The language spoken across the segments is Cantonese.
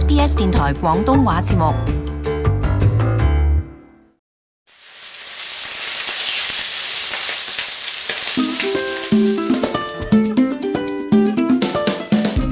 SBS 電台廣東話節目。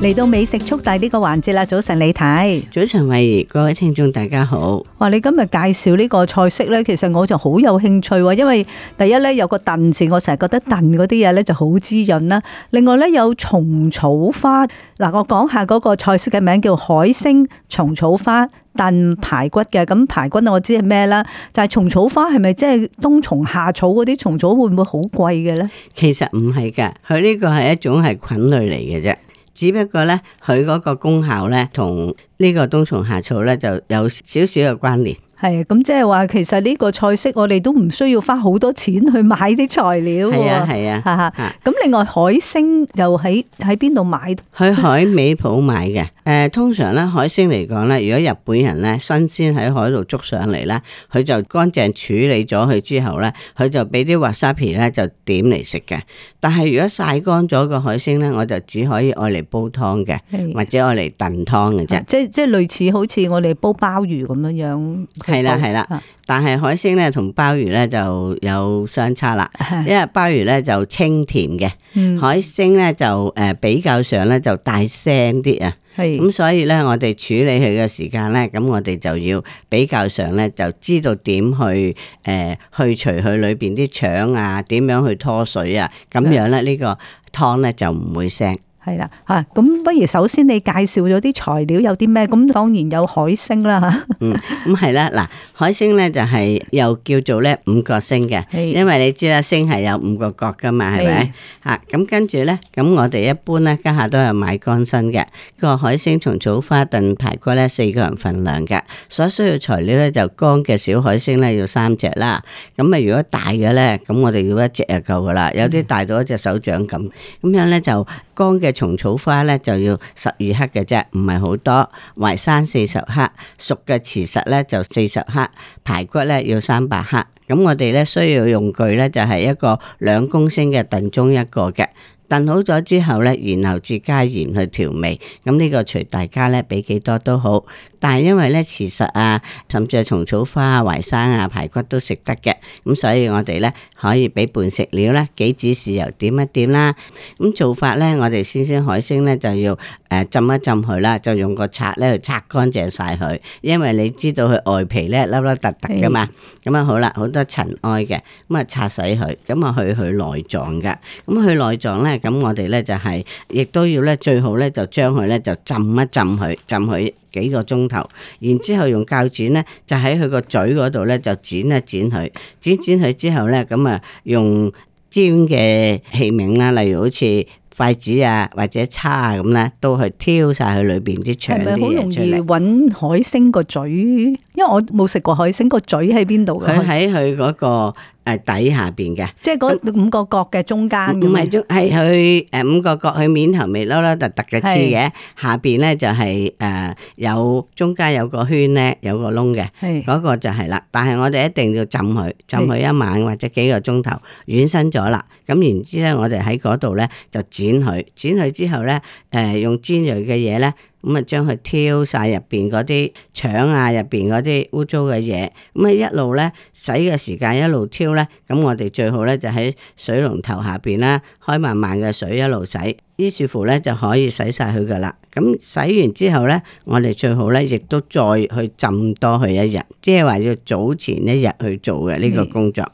嚟到美食速遞呢個環節啦，早晨你睇。早晨慧怡，各位聽眾大家好。哇，你今日介紹呢個菜式呢，其實我就好有興趣，因為第一呢，有個燉字，我成日覺得燉嗰啲嘢呢就好滋潤啦。另外呢，有蟲草花，嗱，我講下嗰個菜式嘅名叫海星蟲草花燉排骨嘅。咁排骨我知係咩啦？就係蟲草花係咪即係冬蟲夏草嗰啲蟲草會唔會好貴嘅呢？其實唔係噶，佢呢個係一種係菌類嚟嘅啫。只不過呢，佢嗰個功效呢，同呢個冬蟲夏草呢，就有少少嘅關聯。係咁，即係話其實呢個菜式我哋都唔需要花好多錢去買啲材料。係啊係啊，吓吓。咁另外海星又喺喺邊度買？去海味舖買嘅。誒、呃，通常咧海星嚟講咧，如果日本人咧新鮮喺海度捉上嚟咧，佢就乾淨處理咗佢之後咧，佢就俾啲哇沙比咧就點嚟食嘅。但係如果曬乾咗個海星咧，我就只可以愛嚟煲湯嘅，的或者愛嚟燉湯嘅啫。即即類似好似我哋煲鮑魚咁樣樣。係啦係啦，但係海星咧同鮑魚咧就有相差啦， 因為鮑魚咧就清甜嘅，海星咧就誒比較上咧就大聲啲啊，咁 所以咧我哋處理佢嘅時間咧，咁我哋就要比較上咧就知道點去誒、呃、去除佢裏邊啲腸啊，點樣去拖水啊，咁樣咧呢個湯咧就唔會腥。係啦嚇，咁、claro, 不如首先你介紹咗啲材料有啲咩？咁當然有海星啦嚇。咁係啦，嗱、嗯，海星咧就係又叫做咧五角星嘅，因為你知啦，星係有五個角噶嘛，係咪？嚇，咁跟住咧，咁我哋一般咧家下都係買乾身嘅個海星，蟲草花燉排骨咧四個人份量嘅，所需要材料咧就乾嘅小海星咧要三隻啦。咁啊，如果大嘅咧，咁我哋要一隻就夠噶啦，有啲大到一隻手掌咁。咁樣咧就乾嘅。蟲草花呢就要十二克嘅啫，唔係好多。淮山四十克，熟嘅瓷實呢就四十克，排骨呢要三百克。咁我哋咧需要用具咧就係一個兩公升嘅燉盅一個嘅燉好咗之後咧，然後再加鹽去調味。咁呢個隨大家咧俾幾多都好，但係因為咧其實啊，甚至係蟲草花啊、淮山啊、排骨都食得嘅，咁所以我哋咧可以俾半食料啦，杞子豉油點一點啦。咁做法咧，我哋先先海星咧就要誒浸一浸佢啦，就用個刷咧去刷乾淨晒佢，因為你知道佢外皮咧粒粒突突噶嘛。咁啊好啦，好。得塵埃嘅咁啊，擦洗佢，咁啊去去內臟㗎，咁去內臟咧，咁我哋咧就係、是，亦都要咧最好咧就將佢咧就浸一浸佢，浸佢幾個鐘頭，然之後用鉸剪咧就喺佢個嘴嗰度咧就剪一剪佢，剪剪佢之後咧咁啊用尖嘅器皿啦，例如好似。筷子啊，或者叉啊，咁咧都去挑晒佢裏邊啲腸嚟。係咪好容易搵海星個嘴？因為我冇食過海星，海星佢佢嗰個嘴喺邊度嘅？佢喺佢嗰個。誒，底下邊嘅，即係嗰五個角嘅中間。唔係中係佢誒五個角，佢面頭未撈撈突突嘅刺嘅，是下邊咧就係、是、誒、呃、有中間有個圈咧，有個窿嘅，嗰是個就係啦。但係我哋一定要浸佢，浸佢一晚或者幾個鐘頭，軟身咗啦。咁然之咧，我哋喺嗰度咧就剪佢，剪佢之後咧誒、呃、用尖鋭嘅嘢咧。咁啊，將佢、嗯、挑晒入邊啲腸啊，入邊啲污糟嘅嘢，咁啊一路咧洗嘅時間一路挑咧，咁我哋最好咧就喺水龍頭下邊啦，開慢慢嘅水一路洗，於是乎咧就可以洗晒佢噶啦。咁、嗯、洗完之後咧，我哋最好咧亦都再去浸多佢一日，即係話要早前一日去做嘅呢、呢個工作。咁、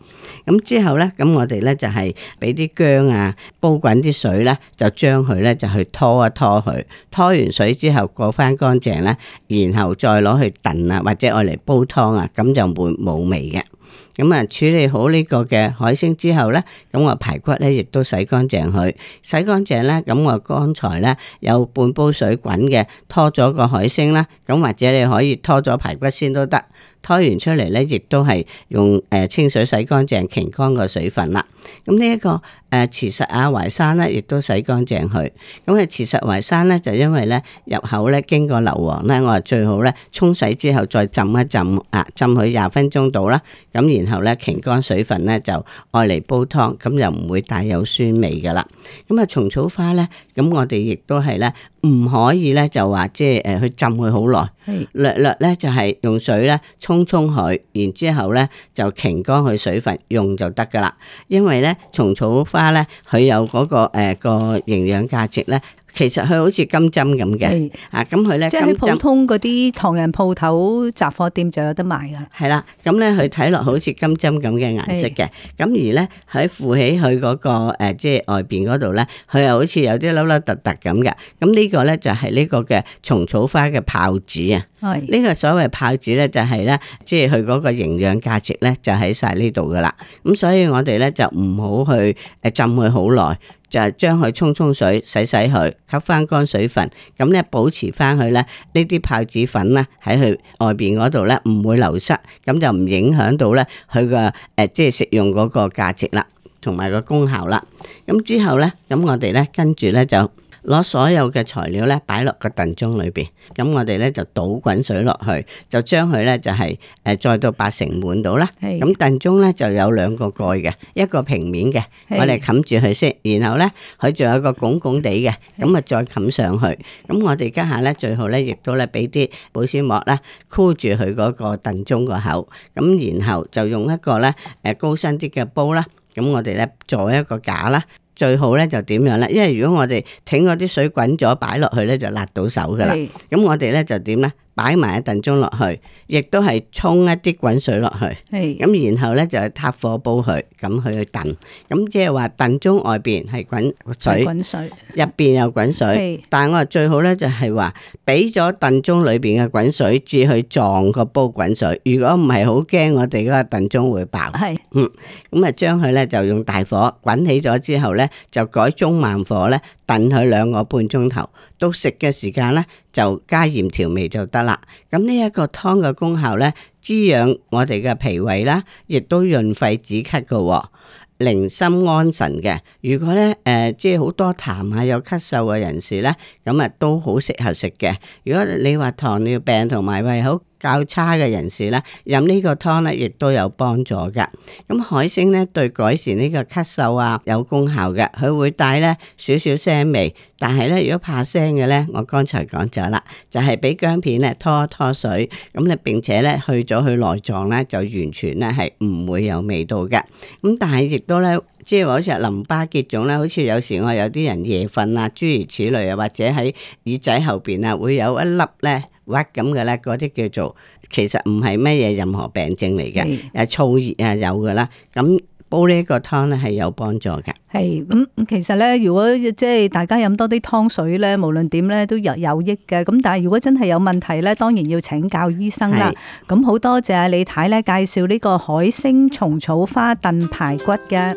嗯嗯、之後咧，咁、嗯、我哋咧就係俾啲薑啊，煲滾啲水咧，就將佢咧就去拖一拖佢，拖完水之後。又過翻乾淨啦，然後再攞去燉啊，或者愛嚟煲湯啊，咁就會冇味嘅。咁啊、嗯，處理好呢個嘅海星之後呢，咁、嗯、我排骨呢亦都洗乾淨佢，洗乾淨呢，咁、嗯、我剛才呢有半煲水滾嘅，拖咗個海星啦，咁或者你可以拖咗排骨先都得，拖完出嚟呢，亦都係用誒、呃、清水洗乾淨，擎乾個水分啦。咁呢一個誒慈實阿淮山呢，亦都洗乾淨佢。咁、嗯、啊，磁實淮山呢，就因為呢入口呢經過硫磺呢，我最好呢沖洗之後再浸一浸，啊浸佢廿分鐘到啦，咁、啊、而。然後咧，擎乾水分咧就愛嚟煲湯，咁又唔會帶有酸味噶啦。咁啊，蟲草花咧，咁我哋亦都係咧，唔可以咧就話即係誒去浸佢好耐，是略略咧就係用水咧沖沖佢，然之後咧就擎乾佢水分用就得噶啦。因為咧，蟲草花咧，佢有嗰、嗰個誒、呃嗰個營養價值咧。其實佢好似金針咁嘅，啊是，咁佢咧，即係普通嗰啲唐人鋪頭雜貨店就有得賣噶。係啦，咁咧佢睇落好似金針咁嘅顏色嘅，咁而咧喺附起佢嗰個誒，即係外邊嗰度咧，佢又好似有啲粒粒突突咁嘅。咁呢個咧就係呢個嘅蟲草花嘅孢子啊。係呢個所謂孢子咧，就係咧，即係佢嗰個營養價值咧，就喺晒呢度噶啦。咁所以我哋咧就唔好去誒浸佢好耐。就係將佢沖沖水，洗洗佢，吸翻乾水分，咁咧保持翻佢咧，呢啲孢子粉咧喺佢外邊嗰度咧唔會流失，咁就唔影響到咧佢個誒即係食用嗰個價值啦，同埋個功效啦。咁之後咧，咁我哋咧跟住咧就。攞所有嘅材料咧，擺落個燉盅裏邊。咁我哋咧就倒滾水落去，就將佢咧就係誒再到八成滿到啦。咁燉盅咧就有兩個蓋嘅，一個平面嘅，的我哋冚住佢先。然後咧佢仲有個拱拱地嘅，咁啊再冚上去。咁的我哋家下咧最好咧亦都咧俾啲保鮮膜咧，箍住佢嗰個燉盅個口。咁然後就用一個咧誒、呃、高身啲嘅煲啦。咁我哋咧做一個架啦。最好咧就點樣咧？因為如果我哋挺嗰啲水滾咗擺落去咧，就辣到手㗎喇。咁是我哋咧就點咧？擺埋一燉盅落去，亦都係沖一啲滾水落去。咁是然後咧就撻火煲佢，咁佢去燉。咁即係話燉盅外邊係滾水，滾水入邊又滾水。滾水是但係我話最好咧就係、是、話，俾咗燉盅裏邊嘅滾水至去撞個煲滾水。如果唔係，好驚我哋嗰個燉盅會爆。嗯，咁啊，將佢咧就用大火滾起咗之後咧，就改中慢火咧燉佢兩個半鐘頭，到食嘅時間咧就加鹽調味就得啦。咁呢一個湯嘅功效咧，滋養我哋嘅脾胃啦，亦都潤肺止咳嘅、哦，寧心安神嘅。如果咧誒、呃，即係好多痰啊，有咳嗽嘅人士咧，咁啊都好適合食嘅。如果你話糖尿病同埋胃好較差嘅人士咧，飲呢個湯咧，亦都有幫助嘅。咁、嗯、海星咧，對改善呢個咳嗽啊有功效嘅。佢會帶咧少少腥味，但係咧，如果怕腥嘅咧，我剛才講咗啦，就係、是、俾薑片咧，拖一拖水，咁、嗯、你並且咧去咗佢內臟咧，就完全咧係唔會有味道嘅。咁、嗯、但係亦都咧。即係好似淋巴結腫啦，好似有時我有啲人夜瞓啊，諸如此類，又或者喺耳仔後邊啊，會有一粒咧屈咁嘅啦，嗰啲叫做其實唔係乜嘢任何病症嚟嘅誒燥熱啊有嘅啦，咁煲呢個湯咧係有幫助嘅。係咁，嗯，其實咧，如果即係大家飲多啲湯水咧，無論點咧都有有益嘅。咁但係如果真係有問題咧，當然要請教醫生啦。咁好多謝李太咧介紹呢個海星蟲草花燉排骨嘅。